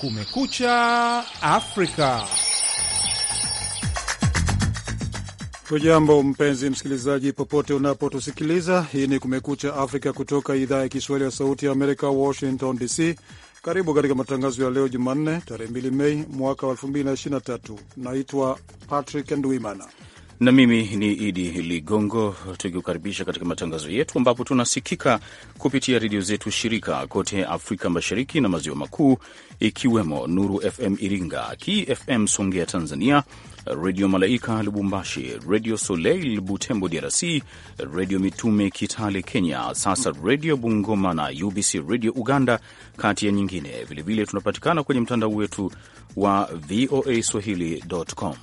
Kumekucha Afrika. Hujambo mpenzi msikilizaji, popote unapotusikiliza. Hii ni Kumekucha Afrika kutoka idhaa ya Kiswahili ya Sauti ya Amerika, Washington DC. Karibu katika matangazo ya leo Jumanne, tarehe 2 Mei mwaka wa 2023. Naitwa Patrick Ndwimana na mimi ni Idi Ligongo, tukiukaribisha katika matangazo yetu ambapo tunasikika kupitia redio zetu shirika kote Afrika Mashariki na Maziwa Makuu, ikiwemo Nuru FM Iringa, KFM Songea Tanzania, Redio Malaika Lubumbashi, Redio Soleil Butembo DRC, Redio Mitume Kitale Kenya, sasa Redio Bungoma na UBC Redio Uganda, kati ya nyingine. Vilevile tunapatikana kwenye mtandao wetu wa VOA swahili.com.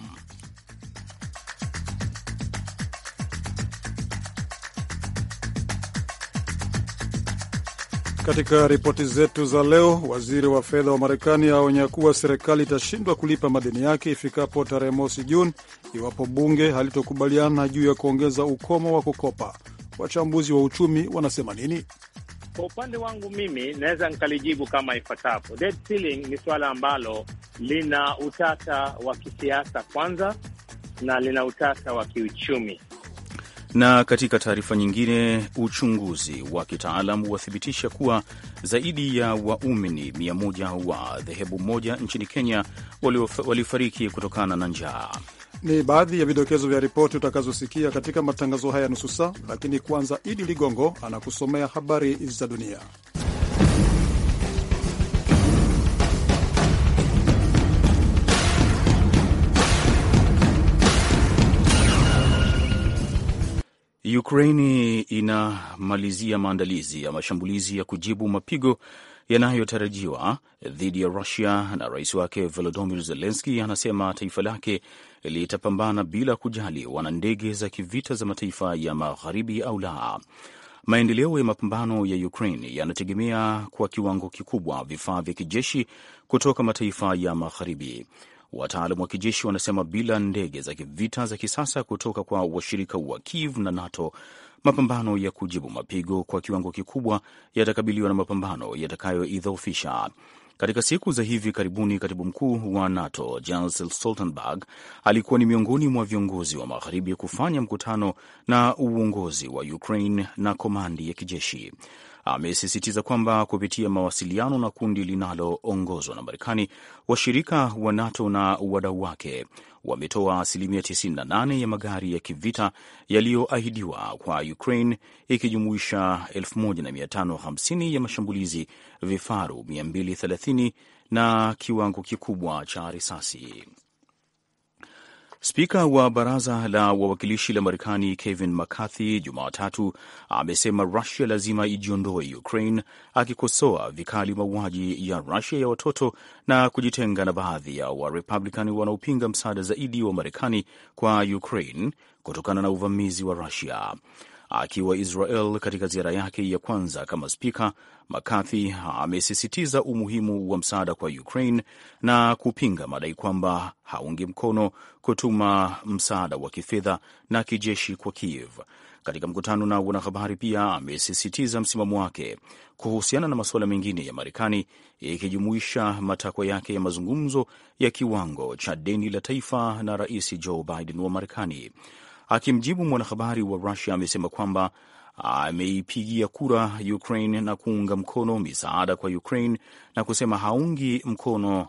Katika ripoti zetu za leo, waziri wa fedha wa Marekani aonya kuwa serikali itashindwa kulipa madeni yake ifikapo tarehe mosi Juni iwapo bunge halitokubaliana juu ya kuongeza ukomo wa kukopa. Wachambuzi wa uchumi wanasema nini? Kwa upande wangu mimi naweza nikalijibu kama ifuatavyo. Debt ceiling ni suala ambalo lina utata wa kisiasa kwanza, na lina utata wa kiuchumi. Na katika taarifa nyingine, uchunguzi wa kitaalam wathibitisha kuwa zaidi ya waumini mia moja wa dhehebu moja nchini Kenya walifariki kutokana na njaa. Ni baadhi ya vidokezo vya ripoti utakazosikia katika matangazo haya nusu saa, lakini kwanza Idi Ligongo anakusomea habari za dunia. Ukraini inamalizia maandalizi ya mashambulizi ya kujibu mapigo yanayotarajiwa dhidi ya Rusia na rais wake Volodymyr Zelenski anasema taifa lake litapambana bila kujali wana ndege za kivita za mataifa ya magharibi au la. Maendeleo ya mapambano ya Ukraine yanategemea kwa kiwango kikubwa vifaa vya kijeshi kutoka mataifa ya magharibi wataalam wa kijeshi wanasema bila ndege za kivita za kisasa kutoka kwa washirika wa Kiev na NATO, mapambano ya kujibu mapigo kwa kiwango kikubwa yatakabiliwa na mapambano yatakayoidhoofisha. Katika siku za hivi karibuni, katibu mkuu wa NATO Jens Stoltenberg alikuwa ni miongoni mwa viongozi wa magharibi kufanya mkutano na uongozi wa Ukraine na komandi ya kijeshi amesisitiza kwamba kupitia mawasiliano na kundi linaloongozwa na Marekani, washirika wa NATO na wadau wake wametoa asilimia 98 ya magari ya kivita yaliyoahidiwa kwa Ukraine, ikijumuisha 1550 ya mashambulizi, vifaru 230 na kiwango kikubwa cha risasi. Spika wa baraza la wawakilishi la Marekani Kevin McCarthy Jumatatu amesema Rusia lazima ijiondoe Ukraine, akikosoa vikali mauaji ya Rusia ya watoto na kujitenga na baadhi ya Warepublican wanaopinga msaada zaidi wa Marekani kwa Ukraine kutokana na uvamizi wa Rusia. Akiwa Israel katika ziara yake ya kwanza kama spika, McCarthy amesisitiza umuhimu wa msaada kwa Ukraine na kupinga madai kwamba haungi mkono kutuma msaada wa kifedha na kijeshi kwa Kiev. Katika mkutano na wanahabari pia amesisitiza msimamo wake kuhusiana na masuala mengine ya Marekani, ikijumuisha matakwa yake ya mazungumzo ya kiwango cha deni la taifa na Rais Joe Biden wa Marekani. Akimjibu mwanahabari wa Rusia amesema kwamba ameipigia kura Ukraine na kuunga mkono misaada kwa Ukraine na kusema haungi mkono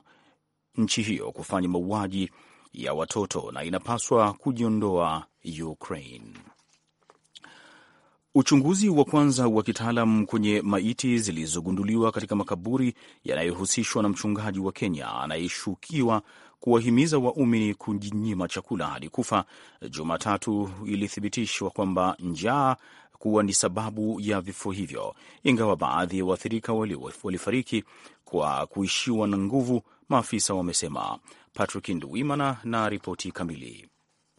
nchi hiyo kufanya mauaji ya watoto na inapaswa kujiondoa Ukraine. Uchunguzi wa kwanza wa kitaalam kwenye maiti zilizogunduliwa katika makaburi yanayohusishwa na mchungaji wa Kenya anayeshukiwa kuwahimiza waumini kujinyima chakula hadi kufa, Jumatatu ilithibitishwa kwamba njaa kuwa ni sababu ya vifo hivyo, ingawa baadhi ya waathirika walifariki kwa kuishiwa na nguvu, maafisa wamesema. Patrick Nduwimana na ripoti kamili.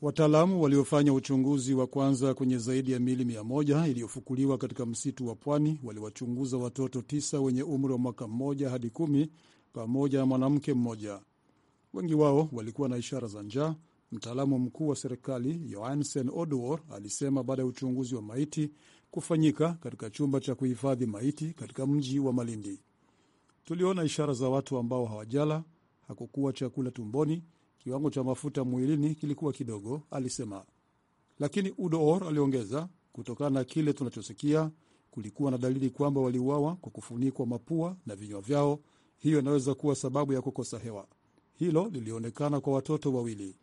Wataalamu waliofanya uchunguzi wa kwanza kwenye zaidi ya mili mia moja iliyofukuliwa katika msitu wa pwani waliwachunguza watoto tisa wenye umri wa mwaka mmoja hadi kumi pamoja na mwanamke mmoja. Wengi wao walikuwa na ishara za njaa. Mtaalamu mkuu wa serikali Johansen Oduor alisema baada ya uchunguzi wa maiti kufanyika katika chumba cha kuhifadhi maiti katika mji wa Malindi. Tuliona ishara za watu ambao hawajala, hakukuwa chakula tumboni, kiwango cha mafuta mwilini kilikuwa kidogo, alisema. Lakini Udoor aliongeza, kutokana na kile tunachosikia, kulikuwa na dalili kwamba waliuawa kwa kufunikwa mapua na vinywa vyao. Hiyo inaweza kuwa sababu ya kukosa hewa hilo lilionekana kwa watoto wawili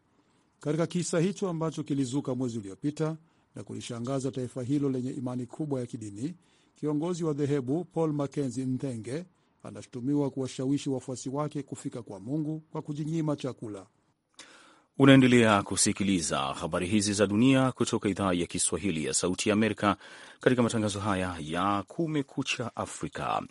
katika kisa hicho ambacho kilizuka mwezi uliopita na kulishangaza taifa hilo lenye imani kubwa ya kidini. Kiongozi wa dhehebu Paul Mackenzie Nthenge anashutumiwa kuwashawishi wafuasi wake kufika kwa Mungu kwa kujinyima chakula. Unaendelea kusikiliza habari hizi za dunia kutoka idhaa ya Kiswahili ya Sauti ya Amerika katika matangazo haya ya Kumekucha Afrika.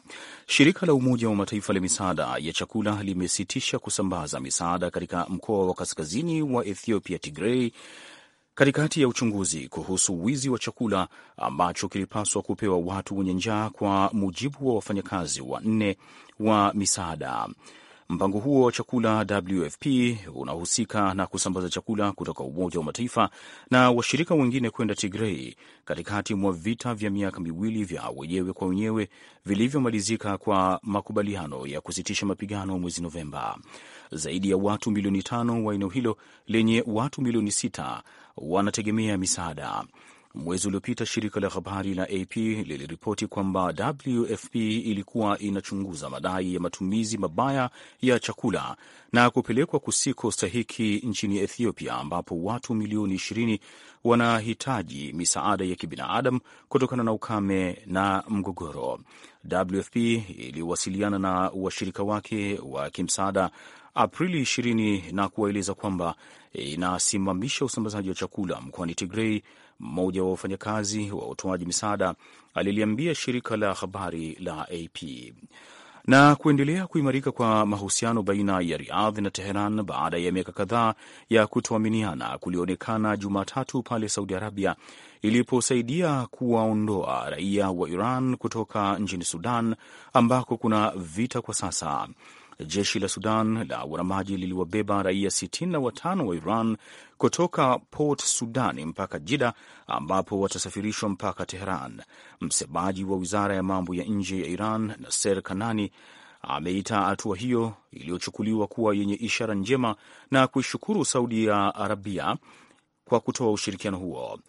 Shirika la Umoja wa Mataifa la misaada ya chakula limesitisha kusambaza misaada katika mkoa wa kaskazini wa Ethiopia, Tigrei, katikati ya uchunguzi kuhusu wizi wa chakula ambacho kilipaswa kupewa watu wenye njaa, kwa mujibu wa wafanyakazi wanne wa misaada. Mpango huo wa chakula WFP unahusika na kusambaza chakula kutoka Umoja wa Mataifa na washirika wengine kwenda Tigrei katikati mwa vita vya miaka miwili vya wenyewe kwa wenyewe vilivyomalizika kwa makubaliano ya kusitisha mapigano mwezi Novemba. Zaidi ya watu milioni tano wa eneo hilo lenye watu milioni sita wanategemea misaada. Mwezi uliopita shirika la habari la AP liliripoti kwamba WFP ilikuwa inachunguza madai ya matumizi mabaya ya chakula na kupelekwa kusiko stahiki nchini Ethiopia, ambapo watu milioni 20 wanahitaji misaada ya kibinadamu kutokana na ukame na mgogoro. WFP iliwasiliana na washirika wake wa kimsaada Aprili 20 na kuwaeleza kwamba inasimamisha usambazaji wa chakula mkoani Tigrei mmoja wa wafanyakazi wa utoaji misaada aliliambia shirika la habari la AP. Na kuendelea kuimarika kwa mahusiano baina ya Riyadh na Teheran baada ya miaka kadhaa ya kutoaminiana kulionekana Jumatatu pale Saudi Arabia iliposaidia kuwaondoa raia wa Iran kutoka nchini Sudan ambako kuna vita kwa sasa. Jeshi la Sudan la uaramaji liliwabeba raia 65 wa Iran kutoka Port Sudani mpaka Jida, ambapo watasafirishwa mpaka Teheran. Msemaji wa wizara ya mambo ya nje ya Iran, Naser Kanani, ameita hatua hiyo iliyochukuliwa kuwa yenye ishara njema na kuishukuru Saudi ya Arabia kwa kutoa ushirikiano huo.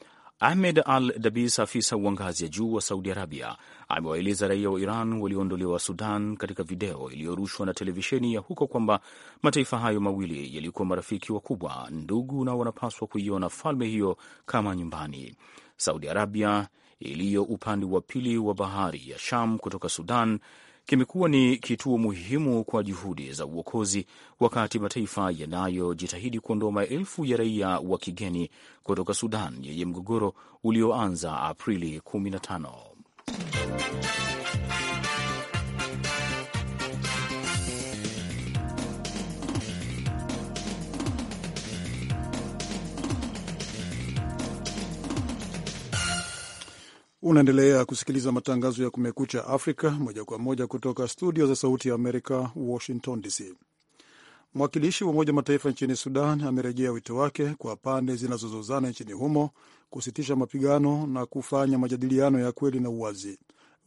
Ahmed Al Dabis, afisa wa ngazi ya juu wa Saudi Arabia, amewaeleza raia wa Iran walioondolewa Sudan katika video iliyorushwa na televisheni ya huko kwamba mataifa hayo mawili yalikuwa marafiki wakubwa, ndugu, na wanapaswa kuiona falme hiyo kama nyumbani. Saudi Arabia iliyo upande wa pili wa bahari ya Sham kutoka Sudan kimekuwa ni kituo muhimu kwa juhudi za uokozi, wakati mataifa yanayojitahidi kuondoa maelfu ya raia wa kigeni kutoka Sudan yenye mgogoro ulioanza Aprili 15. Unaendelea kusikiliza matangazo ya Kumekucha Afrika moja kwa moja kutoka studio za Sauti ya Amerika, Washington DC. Mwakilishi wa Umoja wa Mataifa nchini Sudan amerejea wito wake kwa pande zinazozozana nchini humo kusitisha mapigano na kufanya majadiliano ya kweli na uwazi.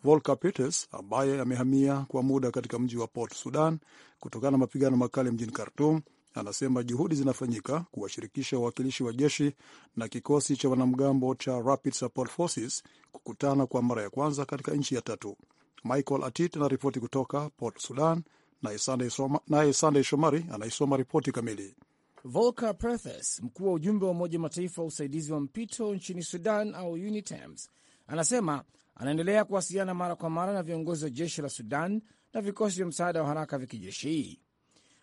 Volker Peters ambaye amehamia kwa muda katika mji wa Port Sudan kutokana na mapigano makali mjini Khartoum anasema juhudi zinafanyika kuwashirikisha wawakilishi wa jeshi na kikosi cha wanamgambo cha Rapid Support Forces kukutana kwa mara ya kwanza katika nchi ya tatu. Michael Atit anaripoti kutoka Port Sudan, naye Sandey Shomari anaisoma ripoti kamili. Volker Perthes, mkuu wa ujumbe wa Umoja Mataifa wa usaidizi wa mpito nchini Sudan au UNITAMS, anasema anaendelea kuwasiliana mara kwa mara na viongozi wa jeshi la Sudan na vikosi vya msaada wa haraka vya kijeshi.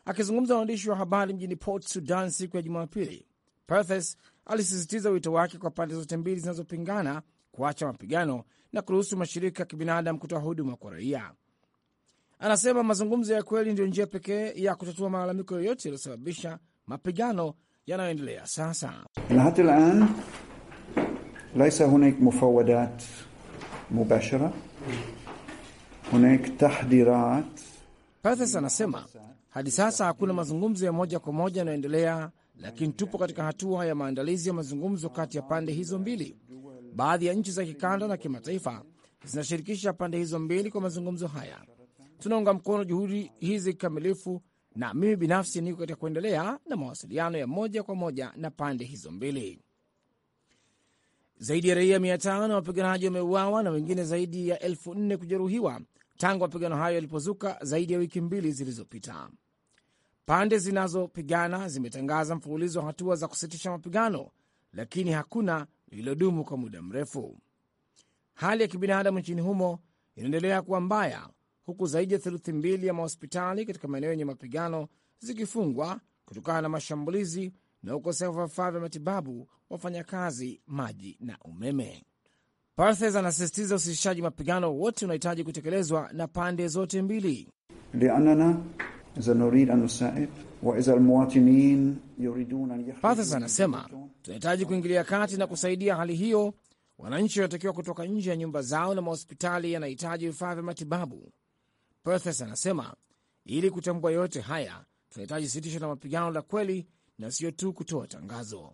Akizungumza waandishi wa habari mjini Port Sudan siku ya Jumapili, Perthes alisisitiza wito wake kwa pande zote mbili zinazopingana kuacha mapigano na kuruhusu mashirika ya kibinadamu kutoa huduma kwa raia. Anasema mazungumzo ya kweli ndiyo njia pekee ya kutatua malalamiko yoyote yaliyosababisha mapigano yanayoendelea sasa. laisa mufawadat mubashara tahdirat. Perthes anasema hadi sasa hakuna mazungumzo ya moja kwa moja yanayoendelea, lakini tupo katika hatua ya maandalizi ya mazungumzo kati ya pande hizo mbili. Baadhi ya nchi za kikanda na kimataifa zinashirikisha pande hizo mbili kwa mazungumzo haya. Tunaunga mkono juhudi hizi kikamilifu, na mimi binafsi niko katika kuendelea na mawasiliano ya moja kwa moja na pande hizo mbili. Zaidi ya raia mia tano na wapiganaji wameuawa na wengine zaidi ya elfu nne kujeruhiwa tangu mapigano hayo yalipozuka zaidi ya wiki mbili zilizopita. Pande zinazopigana zimetangaza mfululizo wa hatua za kusitisha mapigano, lakini hakuna lililodumu kwa muda mrefu. Hali ya kibinadamu nchini humo inaendelea kuwa mbaya, huku zaidi ya theluthi mbili ya mahospitali katika maeneo yenye mapigano zikifungwa kutokana na mashambulizi na ukosefu wa vifaa vya matibabu, wafanyakazi, maji na umeme. Parthes anasisitiza usitishaji mapigano wote unahitaji kutekelezwa na pande zote mbili. Pathes anasema tunahitaji kuingilia kati na kusaidia hali hiyo. Wananchi wanatakiwa kutoka nje ya nyumba zao na mahospitali yanahitaji vifaa vya matibabu. Perthes anasema ili kutambua yote haya, tunahitaji sitisho la mapigano la kweli na siyo tu kutoa tangazo.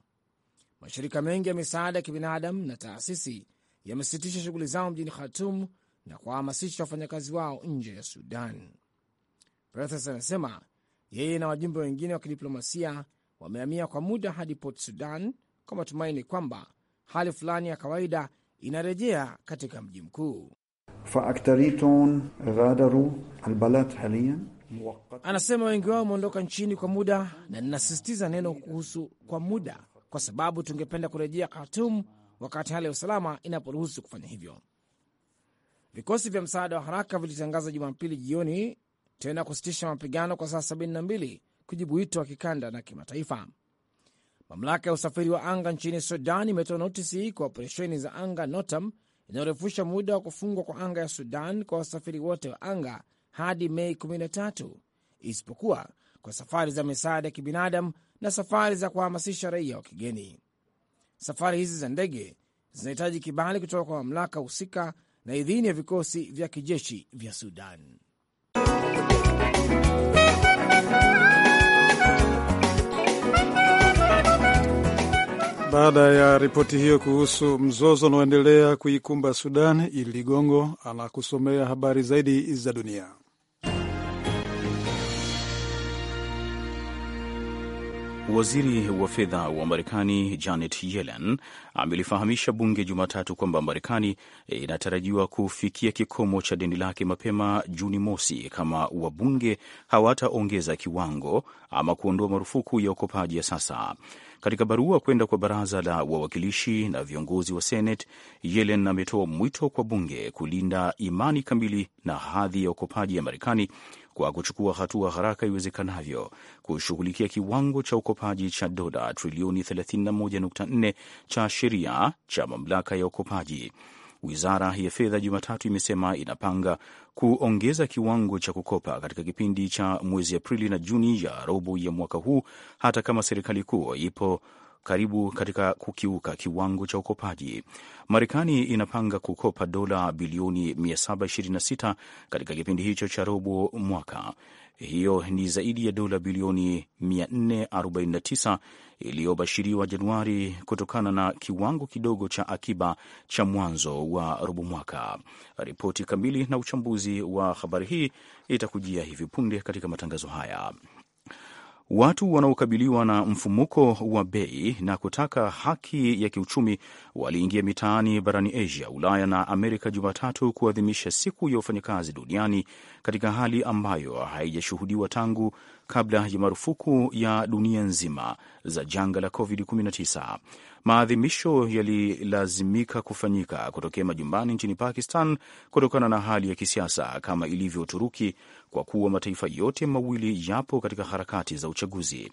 Mashirika mengi ya misaada ya kibinadamu na taasisi yamesitisha shughuli zao mjini Khartum na kuwahamasisha wafanyakazi wao nje ya Sudan. Breathes anasema yeye na wajumbe wengine wa kidiplomasia wamehamia kwa muda hadi Port Sudan kwa matumaini kwamba hali fulani ya kawaida inarejea katika mji mkuu. Anasema wengi wao wameondoka nchini kwa muda, na ninasisitiza neno kuhusu kwa muda, kwa sababu tungependa kurejea Khartum wakati hali ya usalama inaporuhusu kufanya hivyo. Vikosi vya msaada wa haraka vilitangaza Jumapili jioni tena kusitisha mapigano kwa saa 72 kujibu wito wa kikanda na kimataifa. Mamlaka ya usafiri wa anga nchini Sudan imetoa notisi kwa operesheni za anga NOTAM inayorefusha muda wa kufungwa kwa anga ya Sudan kwa wasafiri wote wa anga hadi Mei 13 isipokuwa kwa safari za misaada ya kibinadamu na safari za kuhamasisha raia wa kigeni. Safari hizi za ndege zinahitaji kibali kutoka kwa mamlaka husika na idhini ya vikosi vya kijeshi vya Sudan. Baada ya ripoti hiyo kuhusu mzozo unaoendelea kuikumba Sudan, Ili Ligongo anakusomea habari zaidi za dunia. Waziri wa fedha wa Marekani Janet Yellen amelifahamisha bunge Jumatatu kwamba Marekani eh, inatarajiwa kufikia kikomo cha deni lake mapema Juni mosi kama wabunge hawataongeza kiwango ama kuondoa marufuku ya ukopaji ya sasa. Katika barua kwenda kwa baraza la wawakilishi na viongozi wa Senate, Yellen ametoa mwito kwa bunge kulinda imani kamili na hadhi ya ukopaji ya Marekani kwa kuchukua hatua haraka iwezekanavyo kushughulikia kiwango cha ukopaji cha dola trilioni 31.4 cha sheria cha mamlaka ya ukopaji. Wizara ya fedha Jumatatu imesema inapanga kuongeza kiwango cha kukopa katika kipindi cha mwezi Aprili na Juni ya robo ya mwaka huu, hata kama serikali kuu ipo karibu katika kukiuka kiwango cha ukopaji. Marekani inapanga kukopa dola bilioni 726 katika kipindi hicho cha robo mwaka. Hiyo ni zaidi ya dola bilioni 449 iliyobashiriwa Januari kutokana na kiwango kidogo cha akiba cha mwanzo wa robo mwaka. Ripoti kamili na uchambuzi wa habari hii itakujia hivi punde katika matangazo haya. Watu wanaokabiliwa na mfumuko wa bei na kutaka haki ya kiuchumi waliingia mitaani barani Asia, Ulaya na Amerika Jumatatu kuadhimisha siku ya wafanyakazi duniani katika hali ambayo haijashuhudiwa tangu kabla ya marufuku ya dunia nzima za janga la COVID-19. Maadhimisho yalilazimika kufanyika kutokea majumbani nchini Pakistan kutokana na hali ya kisiasa kama ilivyo Uturuki, kwa kuwa mataifa yote mawili yapo katika harakati za uchaguzi.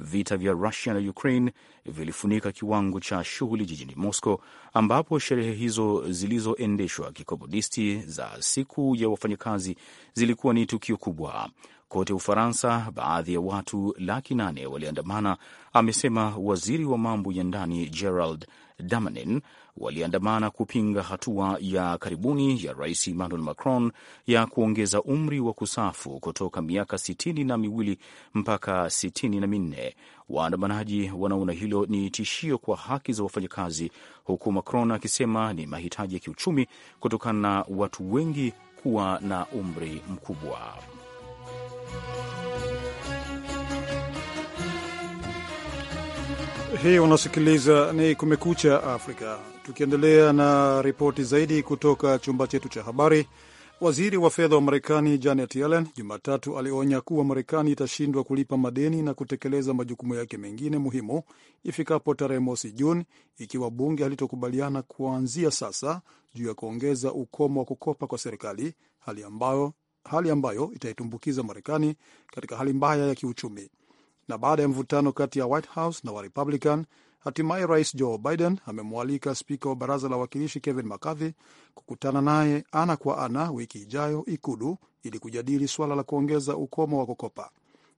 Vita vya Rusia na Ukraine vilifunika kiwango cha shughuli jijini Moscow, ambapo sherehe hizo zilizoendeshwa kikomunisti za siku ya wafanyakazi zilikuwa ni tukio kubwa. Kote Ufaransa, baadhi ya watu laki nane waliandamana, amesema waziri wa mambo ya ndani Gerald Damanin. Waliandamana kupinga hatua ya karibuni ya rais Emmanuel Macron ya kuongeza umri wa kusafu kutoka miaka sitini na miwili mpaka sitini na minne. Waandamanaji wanaona hilo ni tishio kwa haki za wafanyakazi, huku Macron akisema ni mahitaji ya kiuchumi kutokana na watu wengi kuwa na umri mkubwa. Hii unasikiliza ni Kumekucha Afrika. Tukiendelea na ripoti zaidi kutoka chumba chetu cha habari, waziri wa fedha wa Marekani Janet Yellen Jumatatu alionya kuwa Marekani itashindwa kulipa madeni na kutekeleza majukumu yake mengine muhimu ifikapo tarehe mosi Juni ikiwa bunge halitokubaliana kuanzia sasa juu ya kuongeza ukomo wa kukopa kwa serikali, hali ambayo, hali ambayo itaitumbukiza Marekani katika hali mbaya ya kiuchumi na baada ya mvutano kati ya White House na Warepublican, hatimaye Rais Joe Biden amemwalika spika wa baraza la wawakilishi Kevin McCarthy kukutana naye ana kwa ana wiki ijayo Ikulu ili kujadili suala la kuongeza ukomo wa kukopa.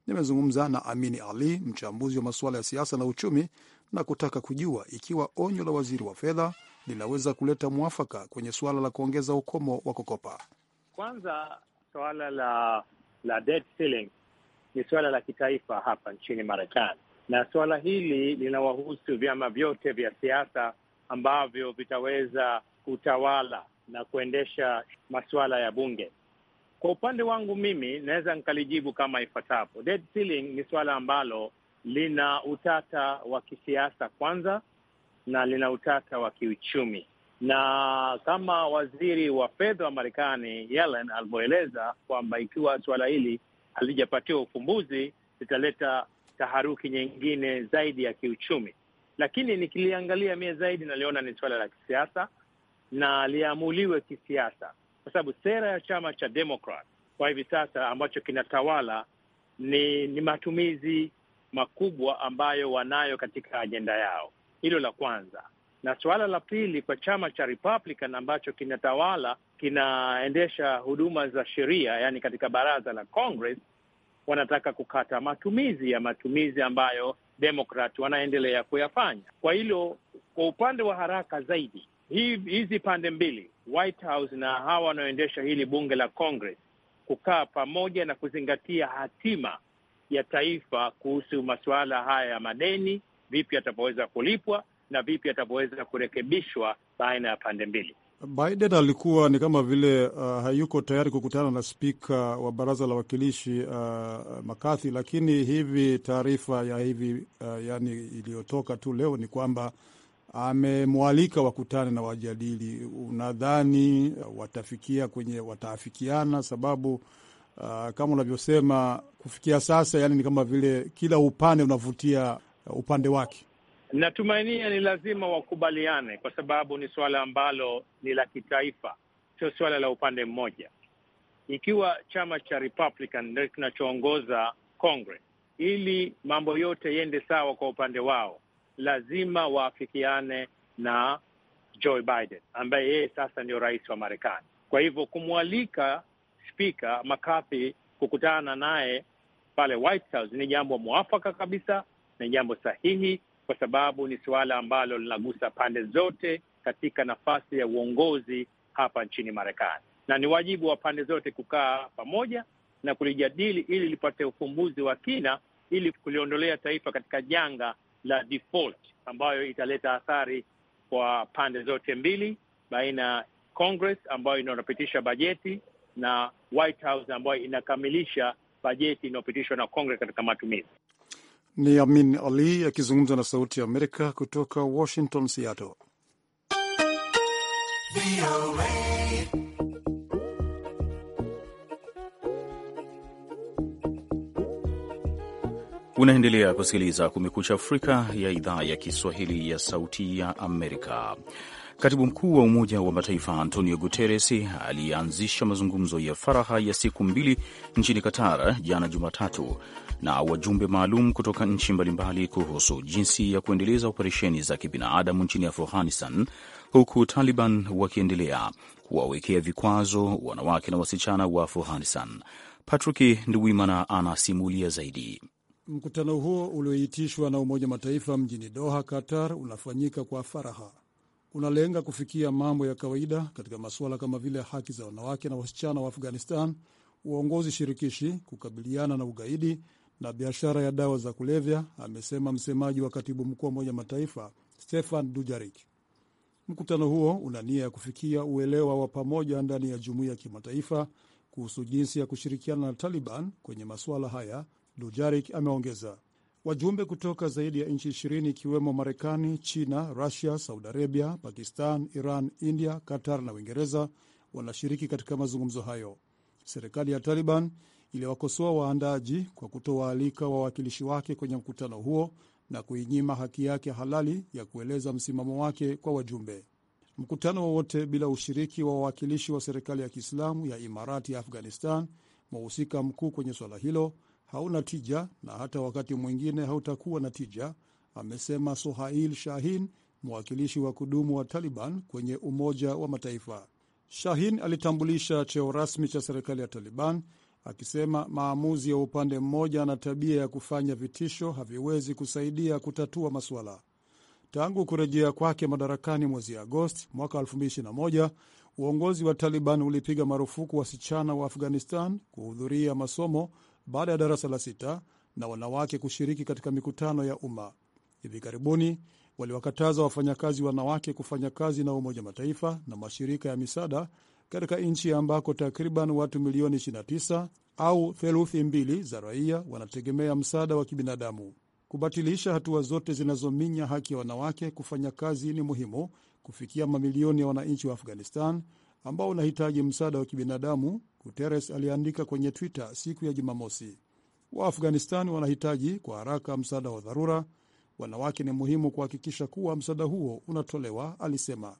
Nimezungumza na Amini Ali, mchambuzi wa masuala ya siasa na uchumi, na kutaka kujua ikiwa onyo la waziri wa fedha linaweza kuleta mwafaka kwenye suala la kuongeza ukomo wa kukopa. Kwanza suala la la debt ceiling ni suala la kitaifa hapa nchini Marekani, na suala hili linawahusu vyama vyote vya siasa ambavyo vitaweza kutawala na kuendesha masuala ya bunge. Kwa upande wangu mimi naweza nikalijibu kama ifuatavyo. Debt ceiling ni suala ambalo lina utata wa kisiasa kwanza, na lina utata wa kiuchumi, na kama waziri wa fedha wa Marekani Yellen alivyoeleza kwamba ikiwa suala hili halijapatiwa ufumbuzi litaleta taharuki nyingine zaidi ya kiuchumi. Lakini nikiliangalia mie zaidi naliona ni suala la kisiasa na liamuliwe kisiasa, kwa sababu sera ya chama cha Democrat kwa hivi sasa ambacho kinatawala ni, ni matumizi makubwa ambayo wanayo katika ajenda yao. Hilo la kwanza. Na suala la pili kwa chama cha Republican ambacho kinatawala, kinaendesha huduma za sheria, yani katika baraza la Congress, wanataka kukata matumizi ya matumizi ambayo Democrat wanaendelea kuyafanya. Kwa hilo, kwa upande wa haraka zaidi, hizi pande mbili, White House na hawa wanaoendesha hili bunge la Congress, kukaa pamoja na kuzingatia hatima ya taifa kuhusu masuala haya ya madeni, vipi atapoweza kulipwa na vipi atavyoweza kurekebishwa baina ya pande mbili. Biden alikuwa ni kama vile uh, hayuko tayari kukutana na spika wa baraza la wakilishi uh, McCarthy, lakini hivi taarifa ya hivi uh, yani iliyotoka tu leo ni kwamba amemwalika wakutane na wajadili. Unadhani watafikia kwenye, wataafikiana? Sababu uh, kama unavyosema kufikia sasa, yani ni kama vile kila upande unavutia uh, upande wake. Natumainia ni lazima wakubaliane, kwa sababu ni suala ambalo ni la kitaifa, sio suala la upande mmoja. Ikiwa chama cha Republican ndio kinachoongoza Congress, ili mambo yote yende sawa kwa upande wao, lazima waafikiane na Joe Biden ambaye yeye sasa ndio rais wa Marekani. Kwa hivyo kumwalika spika McCarthy kukutana naye pale White House ni jambo mwafaka kabisa, ni jambo sahihi kwa sababu ni suala ambalo linagusa pande zote katika nafasi ya uongozi hapa nchini Marekani, na ni wajibu wa pande zote kukaa pamoja na kulijadili ili lipate ufumbuzi wa kina, ili kuliondolea taifa katika janga la default ambayo italeta athari kwa pande zote mbili, baina ya Congress ambayo inapitisha bajeti na White House ambayo inakamilisha bajeti inayopitishwa na Congress katika matumizi. Ni Amin Ali akizungumza na Sauti ya Amerika kutoka Washington, Seattle. Unaendelea kusikiliza Kumekucha Afrika ya idhaa ya Kiswahili ya Sauti ya Amerika. Katibu mkuu wa Umoja wa Mataifa Antonio Guterres alianzisha mazungumzo ya faraha ya siku mbili nchini Qatar jana Jumatatu na wajumbe maalum kutoka nchi mbalimbali kuhusu jinsi ya kuendeleza operesheni za kibinadamu nchini Afghanistan, huku Taliban wakiendelea kuwawekea vikwazo wanawake na wasichana wa Afghanistan. Patrick Nduwimana anasimulia zaidi. Mkutano huo ulioitishwa na Umoja wa Mataifa mjini Doha, Qatar, unafanyika kwa faraha unalenga kufikia mambo ya kawaida katika masuala kama vile haki za wanawake na wasichana wa Afghanistan, uongozi shirikishi, kukabiliana na ugaidi na biashara ya dawa za kulevya, amesema msemaji wa katibu mkuu wa Umoja Mataifa Stefan Dujarik. Mkutano huo una nia ya kufikia uelewa wa pamoja ndani ya jumuiya ya kimataifa kuhusu jinsi ya kushirikiana na Taliban kwenye masuala haya, Dujarik ameongeza. Wajumbe kutoka zaidi ya nchi ishirini ikiwemo Marekani, China, Rusia, Saudi Arabia, Pakistan, Iran, India, Qatar na Uingereza wanashiriki katika mazungumzo hayo. Serikali ya Taliban iliwakosoa waandaji kwa kutowaalika wawakilishi wake kwenye mkutano huo na kuinyima haki yake halali ya kueleza msimamo wake kwa wajumbe. Mkutano wowote bila ushiriki wa wawakilishi wa serikali ya Kiislamu ya Imarati ya Afghanistan, mhusika mkuu kwenye swala hilo, hauna tija na hata wakati mwingine hautakuwa na tija, amesema Sohail Shahin, mwakilishi wa kudumu wa Taliban kwenye Umoja wa Mataifa. Shahin alitambulisha cheo rasmi cha serikali ya Taliban akisema maamuzi ya upande mmoja na tabia ya kufanya vitisho haviwezi kusaidia kutatua masuala. Tangu kurejea kwake madarakani mwezi Agosti mwaka 2021 uongozi wa Taliban ulipiga marufuku wasichana wa Afghanistan kuhudhuria masomo baada ya darasa la sita na wanawake kushiriki katika mikutano ya umma. Hivi karibuni waliwakataza wafanyakazi wanawake kufanya kazi na Umoja Mataifa na mashirika ya misaada katika nchi ambako takriban watu milioni 29 au theluthi mbili za raia wanategemea msaada wa kibinadamu. Kubatilisha hatua zote zinazominya haki ya wanawake kufanya kazi ni muhimu kufikia mamilioni ya wananchi wa Afghanistan ambao unahitaji msaada wa kibinadamu, Guterres aliandika kwenye Twitter siku ya Jumamosi. Waafghanistan wanahitaji kwa haraka msaada wa dharura. Wanawake ni muhimu kuhakikisha kuwa msaada huo unatolewa, alisema.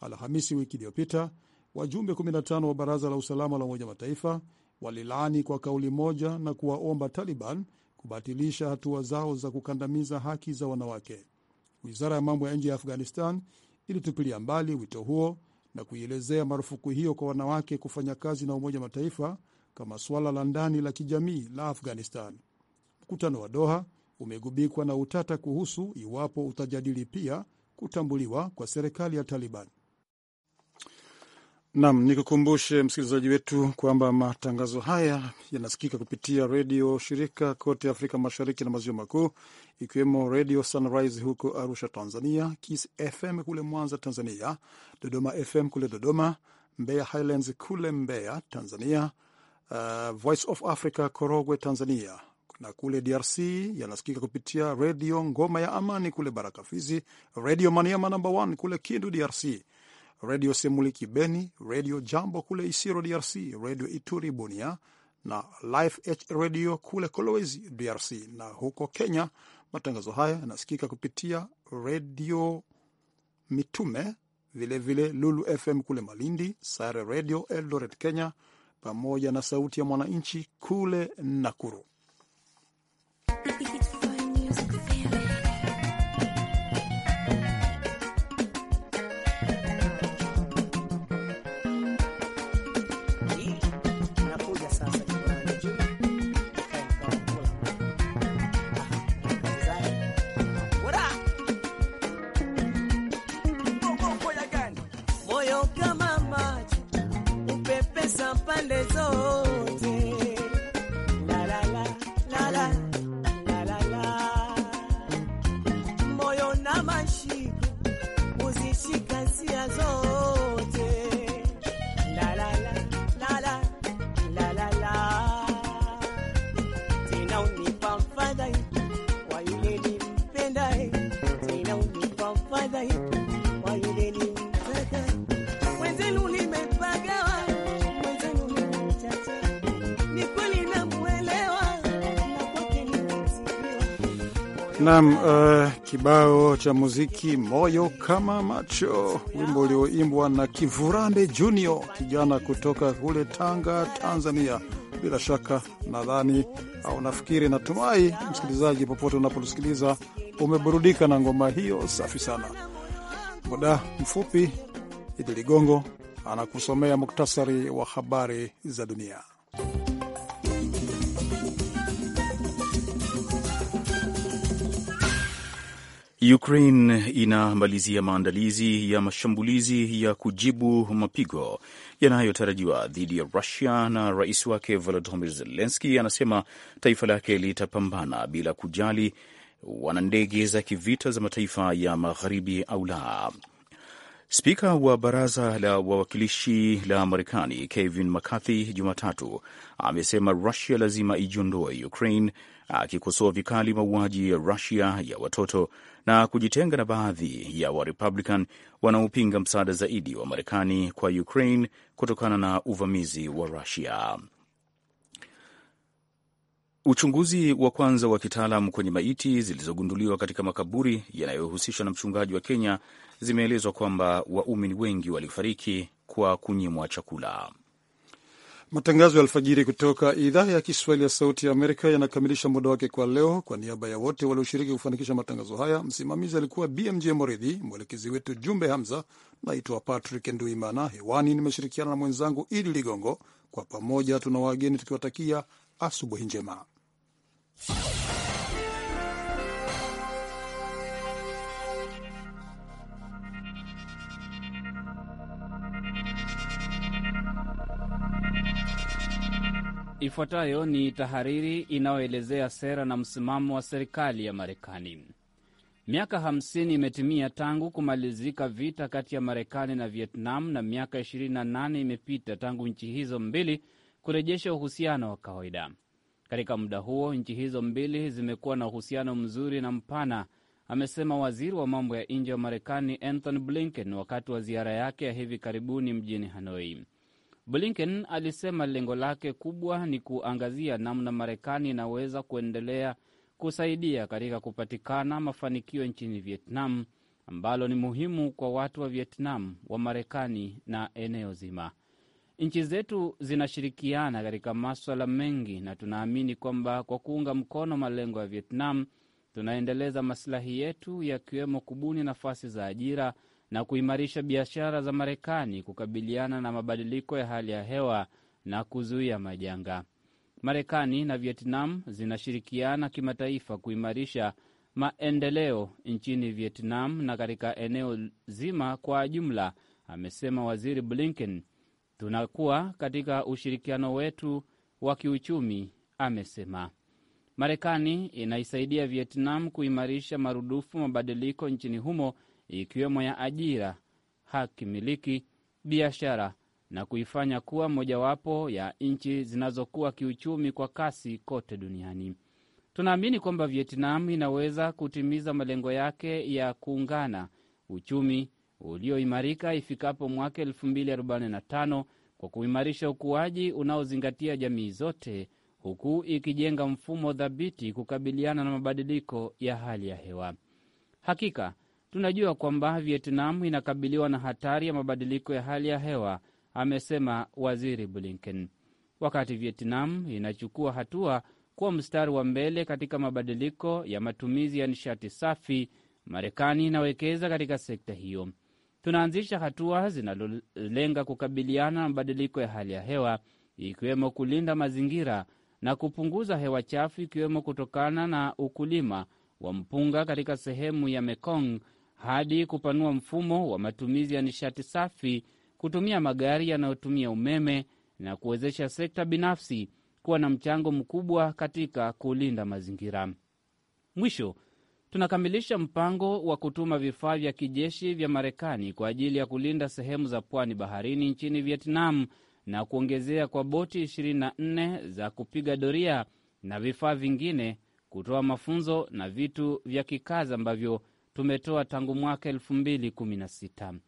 Alhamisi wiki iliyopita, wajumbe 15 wa Baraza la Usalama la Umoja Mataifa walilaani kwa kauli moja na kuwaomba Taliban kubatilisha hatua zao za kukandamiza haki za wanawake. Wizara ya mambo ya nje ya Afghanistan ilitupilia mbali wito huo na kuielezea marufuku hiyo kwa wanawake kufanya kazi na Umoja Mataifa kama suala la ndani la kijamii la Afghanistan. Mkutano wa Doha umegubikwa na utata kuhusu iwapo utajadili pia kutambuliwa kwa serikali ya Taliban. Nam, nikukumbushe msikilizaji wetu kwamba matangazo haya yanasikika kupitia redio shirika kote Afrika Mashariki na Maziwa Makuu, ikiwemo Redio Sunrise huko Arusha Tanzania, Kis FM kule Mwanza Tanzania, Dodoma FM kule Dodoma, Mbeya Highlands kule Mbeya Tanzania, uh, Voice of Africa Korogwe Tanzania, na kule DRC yanasikika kupitia Redio Ngoma ya Amani kule Baraka Fizi, Redio Maniama namba 1 kule Kindu DRC, Redio Semuliki Beni, Redio Jambo kule Isiro DRC, Redio Ituri Bunia na Life H Radio kule Kolwezi DRC. Na huko Kenya, matangazo haya yanasikika kupitia Redio Mitume, vilevile vile Lulu FM kule Malindi, Sare Redio Eldoret Kenya, pamoja na Sauti ya Mwananchi kule Nakuru. Naam, uh, kibao cha muziki moyo kama macho, wimbo ulioimbwa na kivurande Junior, kijana kutoka kule Tanga, Tanzania. Bila shaka nadhani au nafikiri, natumai msikilizaji, popote unaposikiliza, umeburudika na ngoma hiyo safi sana. Muda mfupi, Idi Ligongo anakusomea muktasari wa habari za dunia. Ukraine inamalizia maandalizi ya mashambulizi ya kujibu mapigo yanayotarajiwa dhidi ya Rusia na rais wake Volodymyr zelenski anasema taifa lake litapambana bila kujali wana ndege za kivita za mataifa ya magharibi au la. Spika wa baraza la wawakilishi la Marekani Kevin McCarthy Jumatatu amesema Rusia lazima ijiondoe Ukraine akikosoa vikali mauaji ya Rusia ya watoto na kujitenga na baadhi ya Warepublican wanaopinga msaada zaidi wa Marekani kwa Ukraine kutokana na uvamizi wa Rusia. Uchunguzi wa kwanza wa kitaalam kwenye maiti zilizogunduliwa katika makaburi yanayohusishwa na mchungaji wa Kenya zimeelezwa kwamba waumini wengi walifariki kwa kunyimwa chakula. Matangazo ya alfajiri kutoka idhaa ya Kiswahili ya Sauti ya Amerika yanakamilisha muda wake kwa leo. Kwa niaba ya wote walioshiriki kufanikisha matangazo haya, msimamizi alikuwa BMJ Moridhi, mwelekezi wetu Jumbe Hamza. Naitwa Patrick Nduimana, hewani nimeshirikiana na mwenzangu Idi Ligongo. Kwa pamoja tuna wageni tukiwatakia asubuhi njema. Ifuatayo ni tahariri inayoelezea sera na msimamo wa serikali ya Marekani. Miaka 50 imetimia tangu kumalizika vita kati ya Marekani na Vietnam, na miaka 28 imepita tangu nchi hizo mbili kurejesha uhusiano wa kawaida. Katika muda huo, nchi hizo mbili zimekuwa na uhusiano mzuri na mpana, amesema waziri wa mambo ya nje wa Marekani Anthony Blinken wakati wa ziara yake ya hivi karibuni mjini Hanoi. Blinken alisema lengo lake kubwa ni kuangazia namna Marekani inaweza kuendelea kusaidia katika kupatikana mafanikio nchini Vietnam, ambalo ni muhimu kwa watu wa Vietnam, wa Marekani na eneo zima. Nchi zetu zinashirikiana katika maswala mengi, na tunaamini kwamba kwa kuunga mkono malengo ya Vietnam tunaendeleza masilahi yetu, yakiwemo kubuni nafasi za ajira na kuimarisha biashara za Marekani kukabiliana na mabadiliko ya hali ya hewa na kuzuia majanga. Marekani na Vietnam zinashirikiana kimataifa kuimarisha maendeleo nchini Vietnam na katika eneo zima kwa jumla, amesema Waziri Blinken. Tunakuwa katika ushirikiano wetu wa kiuchumi, amesema. Marekani inaisaidia Vietnam kuimarisha marudufu mabadiliko nchini humo ikiwemo ya ajira, haki miliki, biashara na kuifanya kuwa mojawapo ya nchi zinazokuwa kiuchumi kwa kasi kote duniani. Tunaamini kwamba Vietnam inaweza kutimiza malengo yake ya kuungana uchumi ulioimarika ifikapo mwaka 2045 kwa kuimarisha ukuaji unaozingatia jamii zote huku ikijenga mfumo dhabiti kukabiliana na mabadiliko ya hali ya hewa. Hakika Tunajua kwamba Vietnam inakabiliwa na hatari ya mabadiliko ya hali ya hewa, amesema Waziri Blinken. Wakati Vietnam inachukua hatua kuwa mstari wa mbele katika mabadiliko ya matumizi ya nishati safi, Marekani inawekeza katika sekta hiyo. Tunaanzisha hatua zinazolenga kukabiliana na mabadiliko ya hali ya hewa, ikiwemo kulinda mazingira na kupunguza hewa chafu, ikiwemo kutokana na ukulima wa mpunga katika sehemu ya Mekong hadi kupanua mfumo wa matumizi ya nishati safi, kutumia magari yanayotumia umeme na kuwezesha sekta binafsi kuwa na mchango mkubwa katika kulinda mazingira. Mwisho, tunakamilisha mpango wa kutuma vifaa vya kijeshi vya Marekani kwa ajili ya kulinda sehemu za pwani baharini nchini Vietnam na kuongezea kwa boti 24 za kupiga doria na vifaa vingine, kutoa mafunzo na vitu vya kikazi ambavyo tumetoa tangu mwaka 2016.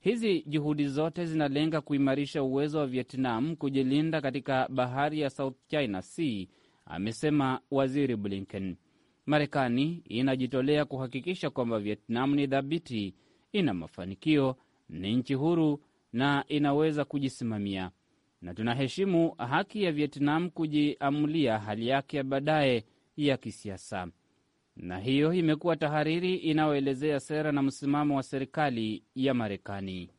Hizi juhudi zote zinalenga kuimarisha uwezo wa Vietnam kujilinda katika bahari ya South China Sea, amesema Waziri Blinken. Marekani inajitolea kuhakikisha kwamba Vietnam ni dhabiti, ina mafanikio, ni nchi huru na inaweza kujisimamia, na tunaheshimu haki ya Vietnam kujiamulia hali yake ya baadaye ya kisiasa na hiyo imekuwa tahariri inayoelezea sera na msimamo wa serikali ya Marekani.